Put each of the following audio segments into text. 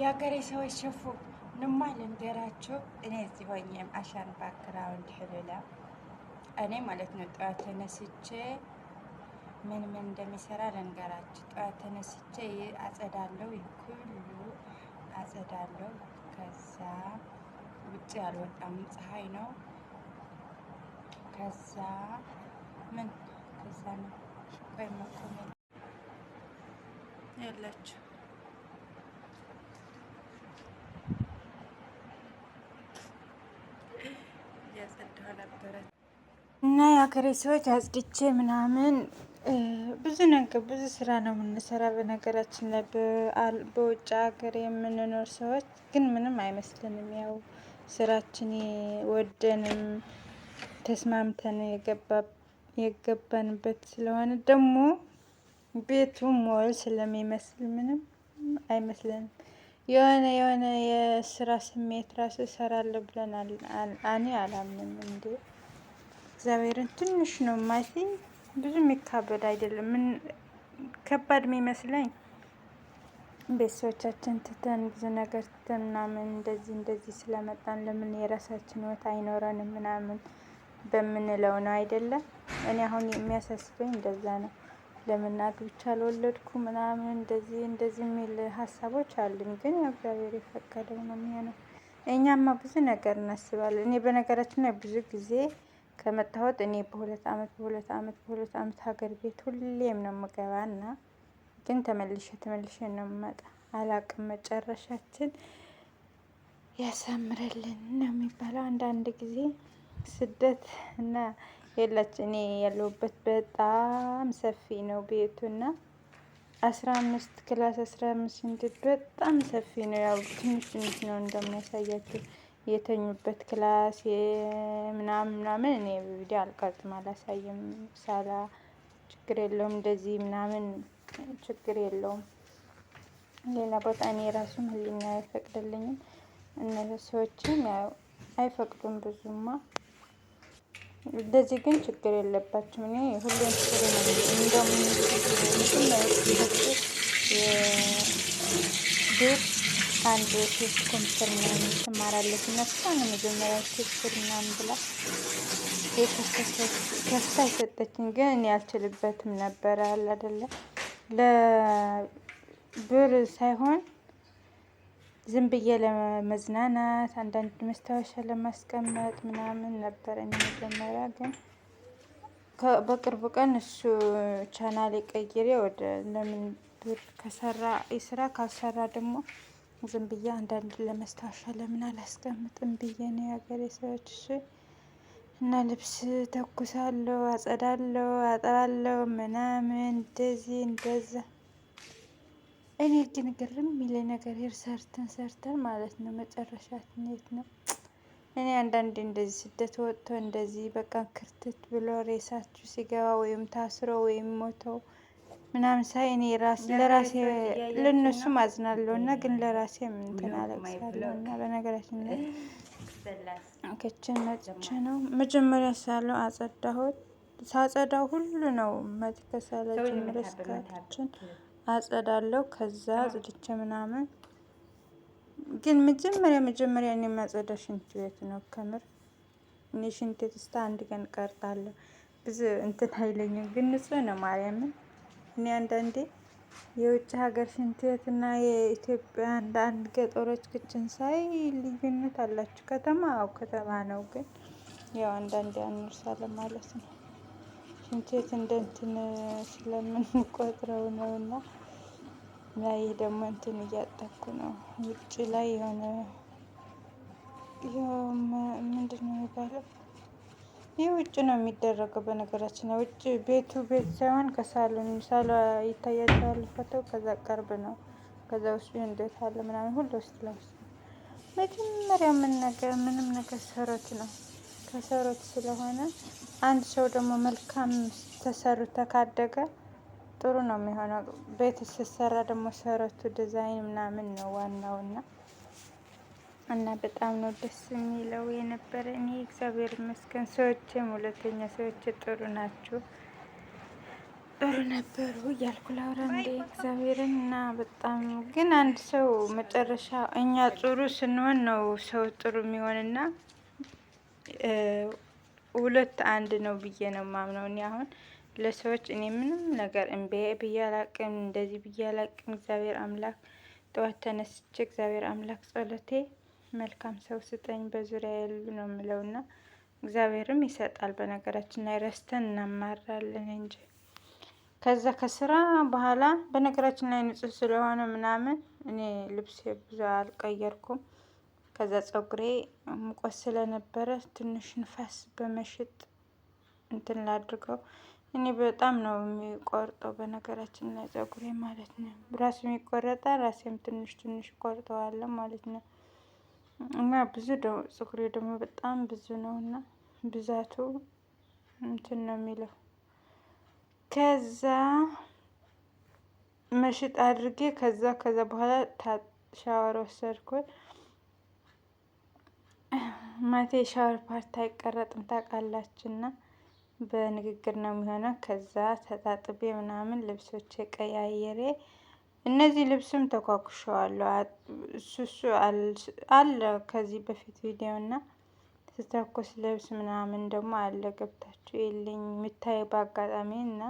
የሀገሬ ሰዎች ሽፉ ንማ ልንገራችሁ። እኔ እዚህ ሆኜም አሻን ባክግራውንድ ህልላ እኔ ማለት ነው። ጠዋት ተነስቼ ምን ምን እንደሚሰራ ልንገራችሁ። ጠዋት ተነስቼ አጸዳለው፣ ሁሉ አጸዳለው። ከዛ ውጭ አልወጣም፣ ፀሐይ ነው። ከዛ ምን ከዛ ነው ቆይ መቆም ያላችሁ ነበረ እና የአገሬ ሰዎች አጽድቼ ምናምን ብዙ ነገር ብዙ ስራ ነው የምንሰራ። በነገራችን ላይ በውጭ ሀገር የምንኖር ሰዎች ግን ምንም አይመስልንም። ያው ስራችን ወደንም ተስማምተን የገባንበት ስለሆነ ደግሞ ቤቱ ሞል ስለሚመስል ምንም አይመስልንም። የሆነ የሆነ የስራ ስሜት ራስ እሰራለሁ ብለን እኔ አላምንም። እንዴ እግዚአብሔርን ትንሽ ነው ማለቴ ብዙ የሚካበድ አይደለም። ምን ከባድ የሚመስለኝ ቤተሰቦቻችን ትተን ብዙ ነገር ትተን ምናምን እንደዚህ እንደዚህ ስለመጣን ለምን የራሳችን ሕይወት አይኖረንም ምናምን በምንለው ነው አይደለም። እኔ አሁን የሚያሳስበኝ እንደዛ ነው። ለምናት ብቻ አልወለድኩ ምናምን እንደዚህ እንደዚህ የሚል ሀሳቦች አሉኝ። ግን እግዚአብሔር የፈቀደው ነው የሚሆነው። እኛማ ብዙ ነገር እናስባለን። እኔ በነገራችን ላይ ብዙ ጊዜ ከመጣሁት እኔ በሁለት አመት በሁለት አመት በሁለት አመት ሀገር ቤት ሁሌም ነው የምገባ እና ግን ተመልሼ ተመልሼ ነው የምመጣ። አላቅም መጨረሻችን ያሳምረልን ነው የሚባለው። አንዳንድ ጊዜ ስደት እና ሄላች እኔ ያለሁበት በጣም ሰፊ ነው ቤቱና አስራ አምስት ክላስ አስራ አምስት እንትን በጣም ሰፊ ነው። ያው ትንሽ ትንሽ ነው እንደሚያሳያችሁ የተኙበት ክላስ ምናምን ምናምን። እኔ ቪዲዮ አልቀርጽም አላሳይም። ሳላ ችግር የለውም እንደዚህ ምናምን ችግር የለውም። ሌላ ቦታ እኔ ራሱም ህሊና አይፈቅድልኝም። እነዚህ ሰዎችም ያው አይፈቅዱም ብዙማ እንደዚህ ግን ችግር የለባችሁም። እኔ ሁሌም ችግር እንደምንም እንደውም አንድ ሴት ኮምፒውተር ምናምን ትማራለች እና እሷን የመጀመሪያ ምናምን ብላ ከፍታ የሰጠችኝ ግን እኔ አልችልበትም ነበረ አለ አይደለ ለብር ሳይሆን ዝም ብዬ ለመዝናናት አንዳንድ መስታወሻ ለማስቀመጥ ምናምን ነበረ የመጀመሪያ ግን በቅርቡ ቀን እሱ ቻናል ቀይሬ ወደ ለምን ብር ከሰራ ስራ ካልሰራ ደግሞ ዝም ብዬ አንዳንድ ለመስታወሻ ለምን አላስቀምጥም ብዬ ነው የሀገሬ ሰዎች እሺ። እና ልብስ ተኩሳለሁ፣ አጸዳለሁ፣ አጠራለሁ ምናምን እንደዚህ እንደዛ እኔ ግን ግርም የሚል ነገር ሰርተን ሰርተን ማለት ነው መጨረሻ ትኔት ነው? እኔ አንዳንዴ እንደዚህ ስደት ወጥቶ እንደዚህ በቃ ክርትት ብሎ ሬሳችሁ ሲገባ ወይም ታስሮ ወይም ሞተው ምናምን ሳይ እኔ ለራሴ ለእነሱም ማዝናለሁ እና ግን ለራሴ እንትን አለቅሳለሁ። እና በነገራችን ላይ ክችን መጭ ነው መጀመሪያ ሳለው አጸዳሁት። ሳጸዳው ሁሉ ነው መጥቀስ ያለ ጭምር እስከ ክችን አጸዳለሁ። ከዛ ጽድቼ ምናምን ግን መጀመሪያ መጀመሪያ እኔ የማጸዳ ሽንት ቤት ነው። ከምር እኔ ሽንት ስታ አንድ ቀን ቀርታለሁ ብዙ እንትን አይለኝም፣ ግን ንጹህ ነው። ማርያምን እኔ አንዳንዴ የውጭ ሀገር ሽንት ቤትና የኢትዮጵያ አንዳንድ ገጠሮች ክችን ሳይ ልዩነት አላችሁ። ከተማ አው ከተማ ነው፣ ግን ያው አንዳንዴ አንርሳለን ማለት ነው። እንዴት እንደ እንትን ስለምንቆጥረው ነው። እና ላይ ደግሞ እንትን እያጠኩ ነው። ውጭ ላይ የሆነ ምንድን ነው የሚባለው? ይህ ውጭ ነው የሚደረገው። በነገራችን ላይ ውጭ ቤቱ ቤት ሳይሆን ከሳሎን ሳሎ ይታያቸዋል ፎቶው። ከዛ ቅርብ ነው። ከዛ ውስጥ እንዴት አለ ምናምን ሁሉ ውስጥ ለውስጥ መጀመሪያ ምን ነገር ምንም ነገር ሰረት ነው ተሰሩት ስለሆነ አንድ ሰው ደግሞ መልካም ተሰሩት ተካደገ ጥሩ ነው የሚሆነው። ቤት ስትሰራ ደግሞ ሰረቱ ዲዛይን ምናምን ነው ዋናው እና እና በጣም ነው ደስ የሚለው የነበረ። እኔ እግዚአብሔር ይመስገን ሰዎችም ሁለተኛ ሰዎች ጥሩ ናቸው ጥሩ ነበሩ እያልኩ ላውራ እንዴ እግዚአብሔርን እና በጣም ግን አንድ ሰው መጨረሻ እኛ ጥሩ ስንሆን ነው ሰው ጥሩ የሚሆንና ሁለት አንድ ነው ብዬ ነው ማምነው። እኔ አሁን ለሰዎች እኔ ምንም ነገር እምቢ ብዬ አላቅም፣ እንደዚህ ብዬ አላቅም። እግዚአብሔር አምላክ ጠዋት ተነስቼ እግዚአብሔር አምላክ ጸሎቴ መልካም ሰው ስጠኝ በዙሪያ ያሉ ነው የምለውና እግዚአብሔርም ይሰጣል። በነገራችን ላይ ረስተን እናማራለን እንጂ ከዛ ከስራ በኋላ በነገራችን ላይ ንጹህ ስለሆነ ምናምን እኔ ልብሴ ብዙ አልቀየርኩም። ከዛ ፀጉሬ ሙቀት ስለነበረ ትንሽ ንፋስ በመሽጥ እንትን ላድርገው። እኔ በጣም ነው የሚቆርጠው በነገራችን ላይ ፀጉሬ ማለት ነው። ራሱም ይቆረጣል፣ ራሴም ትንሽ ትንሽ ቆርጠዋለሁ ማለት ነው። እና ብዙ ፀጉሬ ደግሞ በጣም ብዙ ነው እና ብዛቱ እንትን ነው የሚለው። ከዛ መሽጥ አድርጌ ከዛ ከዛ በኋላ ሻወር ወሰድኩኝ። ማቴ ሻወር ፓርት አይቀረጥም እና በንግግር ነው የሚሆነው። ከዛ ተጣጥቤ ምናምን ልብሶች ቀያየሬ እነዚህ ልብስም ተኳኩሸዋለሁ። እሱሱ አለ ከዚህ በፊት ቪዲዮ እና ስተኮስ ልብስ ምናምን ደግሞ አለ ገብታችሁ የለኝ የምታይ በአጋጣሚ እና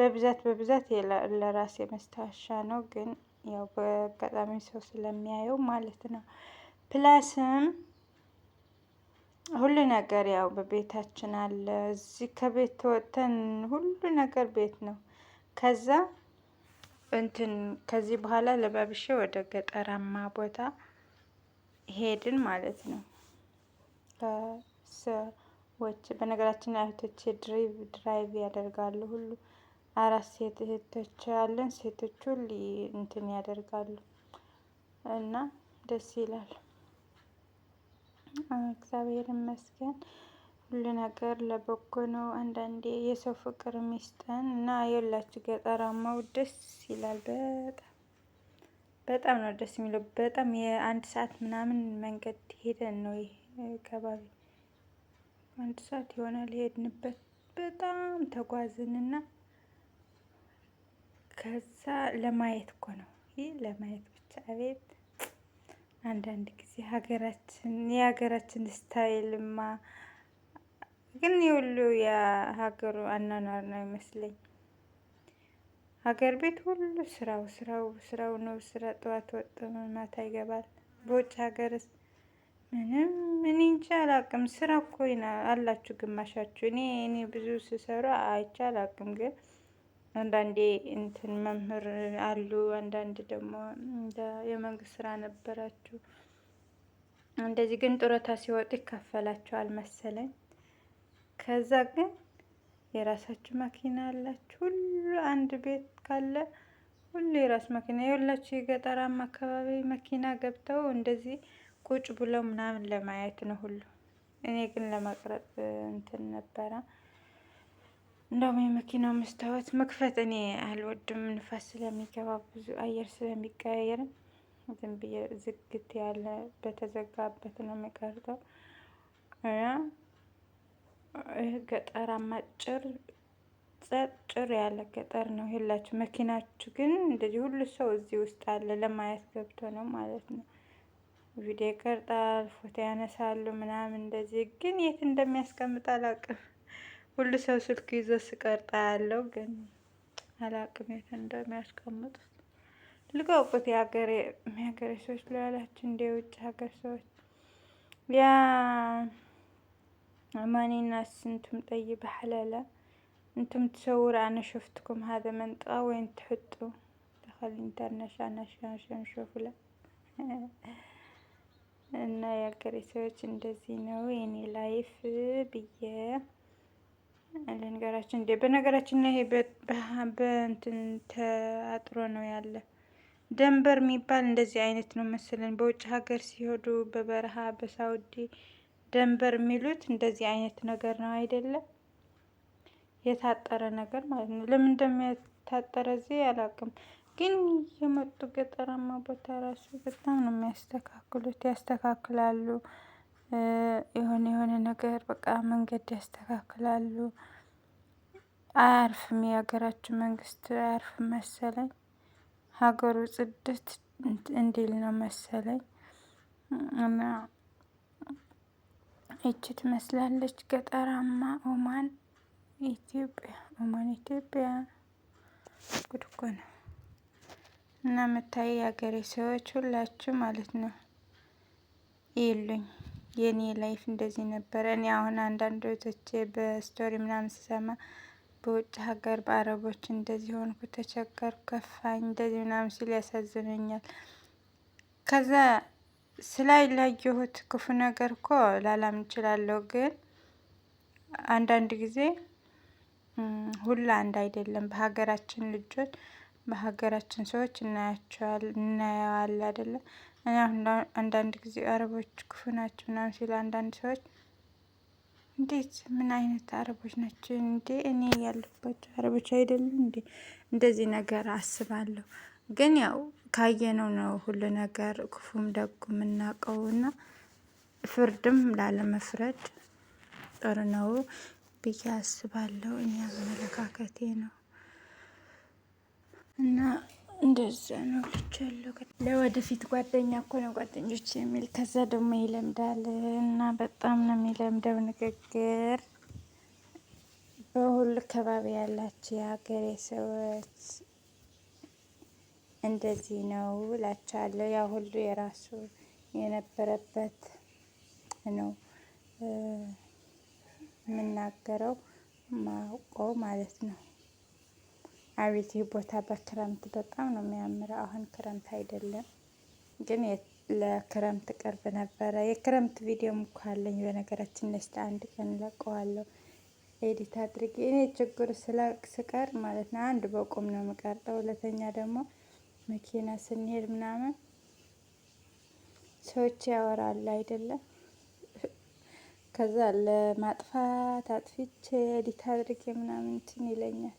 በብዛት በብዛት ለራሴ መስታወሻ ነው፣ ግን ያው በአጋጣሚ ሰው ስለሚያየው ማለት ነው ፕላስም ሁሉ ነገር ያው በቤታችን አለ። እዚህ ከቤት ወጥተን ሁሉ ነገር ቤት ነው። ከዛ እንትን ከዚህ በኋላ ለባብሼ ወደ ገጠራማ ቦታ ሄድን ማለት ነው። ሰዎች በነገራችን ላይ ድሪቭ ድራይቭ ያደርጋሉ። ሁሉ አራት ሴት እህቶች ያለን ሴቶች ሁሉ እንትን ያደርጋሉ እና ደስ ይላል። እግዚአብሔር ይመስገን ሁሉ ነገር ለበጎ ነው። አንዳንዴ የሰው ፍቅር ሚስጠን እና የላችሁ ገጠራማው ደስ ይላል። በጣም በጣም ነው ደስ የሚለው። በጣም የአንድ ሰዓት ምናምን መንገድ ሄደን ነው ከባቢ አንድ ሰዓት ይሆናል ሄድንበት። በጣም ተጓዝንና ከዛ ለማየት እኮ ነው ይህ ለማየት ብቻ አቤት አንዳንድ ጊዜ ሀገራችን የሀገራችን ስታይልማ ግን የሁሉ የሀገሩ አኗኗር ነው ይመስለኝ። ሀገር ቤት ሁሉ ስራው ስራው ስራው ነው። ስራ ጠዋት ወጥ ማታ ይገባል። በውጭ ሀገርስ ምንም እኔ እንጂ አላቅም። ስራ እኮ አላችሁ ግማሻችሁ። እኔ እኔ ብዙ ስሰሩ አይቼ አላውቅም ግን አንዳንዴ እንትን መምህር አሉ፣ አንዳንድ ደግሞ የመንግስት ስራ ነበራችሁ። እንደዚህ ግን ጡረታ ሲወጡ ይከፈላችኋል መሰለኝ። ከዛ ግን የራሳችሁ መኪና አላችሁ። ሁሉ አንድ ቤት ካለ ሁሉ የራስ መኪና የሁላችሁ። የገጠራማ አካባቢ መኪና ገብተው እንደዚህ ቁጭ ብለው ምናምን ለማየት ነው ሁሉ። እኔ ግን ለመቅረጽ እንትን ነበረ። እንደውም የመኪናው መስታወት መክፈት እኔ አልወድም፣ ንፋስ ስለሚገባ ብዙ አየር ስለሚቀያየር ዝም ብዬ ዝግት ያለ በተዘጋበት ነው የሚቀርጠው። ገጠር አማጭር ጸጭር ያለ ገጠር ነው የላችሁ። መኪናችሁ ግን እንደዚህ ሁሉ ሰው እዚህ ውስጥ አለ ለማየት ገብቶ ነው ማለት ነው። ቪዲዮ ይቀርጣል፣ ፎቶ ያነሳሉ ምናምን እንደዚህ፣ ግን የት እንደሚያስቀምጥ አላውቅም። ሁሉ ሰው ስልክ ይዞ ስቀርጣ ያለው ግን አላቅም የት እንደሚያስቀምጡት ልቀቁት። የሀገሬ ሰዎች ለላችን እንደ የውጭ ሀገር ሰዎች ያ አማኒና ስንቱም ጠይብ ሐለለ እንቱም ትሰውር አነ ሸፍትኩም ሀዘ መንጣ ወይን ትሕጡ ተኸል ኢንተርናሽናል ናሽናሽን ሾፍለ እና የሀገሬ ሰዎች እንደዚህ ነው የኔ ላይፍ ብዬ ልንገራችን እንዴ በነገራችን ላይ በእንትን ተአጥሮ ነው ያለ ደንበር የሚባል እንደዚህ አይነት ነው መሰለን። በውጭ ሀገር ሲሄዱ በበረሃ በሳውዲ ደንበር የሚሉት እንደዚህ አይነት ነገር ነው አይደለም? የታጠረ ነገር ማለት ነው። ለምን እንደሚታጠረ እዚህ አላውቅም፣ ግን የመጡ ገጠራማ ቦታ ራሱ በጣም ነው የሚያስተካክሉት፣ ያስተካክላሉ። የሆነ የሆነ ነገር በቃ መንገድ ያስተካክላሉ። አያርፍም፣ የሀገራችን መንግስት አያርፍም መሰለኝ። ሀገሩ ጽድት እንዲል ነው መሰለኝ። እና ይቺ ትመስላለች ገጠራማ ኦማን ኢትዮጵያ። ኦማን ኢትዮጵያ ጉድ እኮ ነው። እና የምታይ የሀገሬ ሰዎች ሁላችሁ ማለት ነው ይሉኝ የኔ ላይፍ እንደዚህ ነበረ። እኔ አሁን አንዳንድ ወቶቼ በስቶሪ ምናምን ስሰማ በውጭ ሀገር በአረቦች እንደዚህ ሆንኩ፣ ተቸገር፣ ከፋኝ፣ እንደዚህ ምናምን ሲል ያሳዝነኛል። ከዛ ስላይ ላየሁት ክፉ ነገር እኮ ላላም እችላለሁ፣ ግን አንዳንድ ጊዜ ሁላ አንድ አይደለም። በሀገራችን ልጆች በሀገራችን ሰዎች እናያቸዋል እናየዋል እኔ እና አንዳንድ ጊዜ አረቦች ክፉ ናቸው ምናምን ሲል አንዳንድ ሰዎች እንዴት ምን አይነት አረቦች ናቸው እንዴ? እኔ ያለባቸው አረቦች አይደሉም እንዴ? እንደዚህ ነገር አስባለሁ። ግን ያው ካየነው ነው ሁሉ ነገር ክፉም ደጉ እና ፍርድም ላለመፍረድ ጥሩ ነው ብዬ አስባለሁ። እኔ አመለካከቴ ነው። እና እንደዛ ነው ልጅ ያለው ለወደፊት ጓደኛ እኮ ነው ጓደኞች የሚል ከዛ ደግሞ ይለምዳል እና በጣም ነው የሚለምደው ንግግር። በሁሉ ከባቢ ያላቸው የሀገሬ ሰዎች እንደዚህ ነው እላችኋለሁ። ያ ሁሉ የራሱ የነበረበት ነው የምናገረው ማውቀው ማለት ነው። አቤት ይህ ቦታ በክረምት በጣም ነው የሚያምረው። አሁን ክረምት አይደለም ግን ለክረምት ቅርብ ነበረ። የክረምት ቪዲዮም እኮ አለኝ በነገራችን ነስተ አንድ ቀን ለቀዋለሁ ኤዲት አድርጌ። እኔ ችግር ስቀር ማለት ነው አንድ በቁም ነው የምቀርጠው፣ ሁለተኛ ደግሞ መኪና ስንሄድ ምናምን ሰዎች ያወራሉ አይደለም። ከዛ ለማጥፋት አጥፍቼ ኤዲት አድርጌ ምናምን እንትን ይለኛል።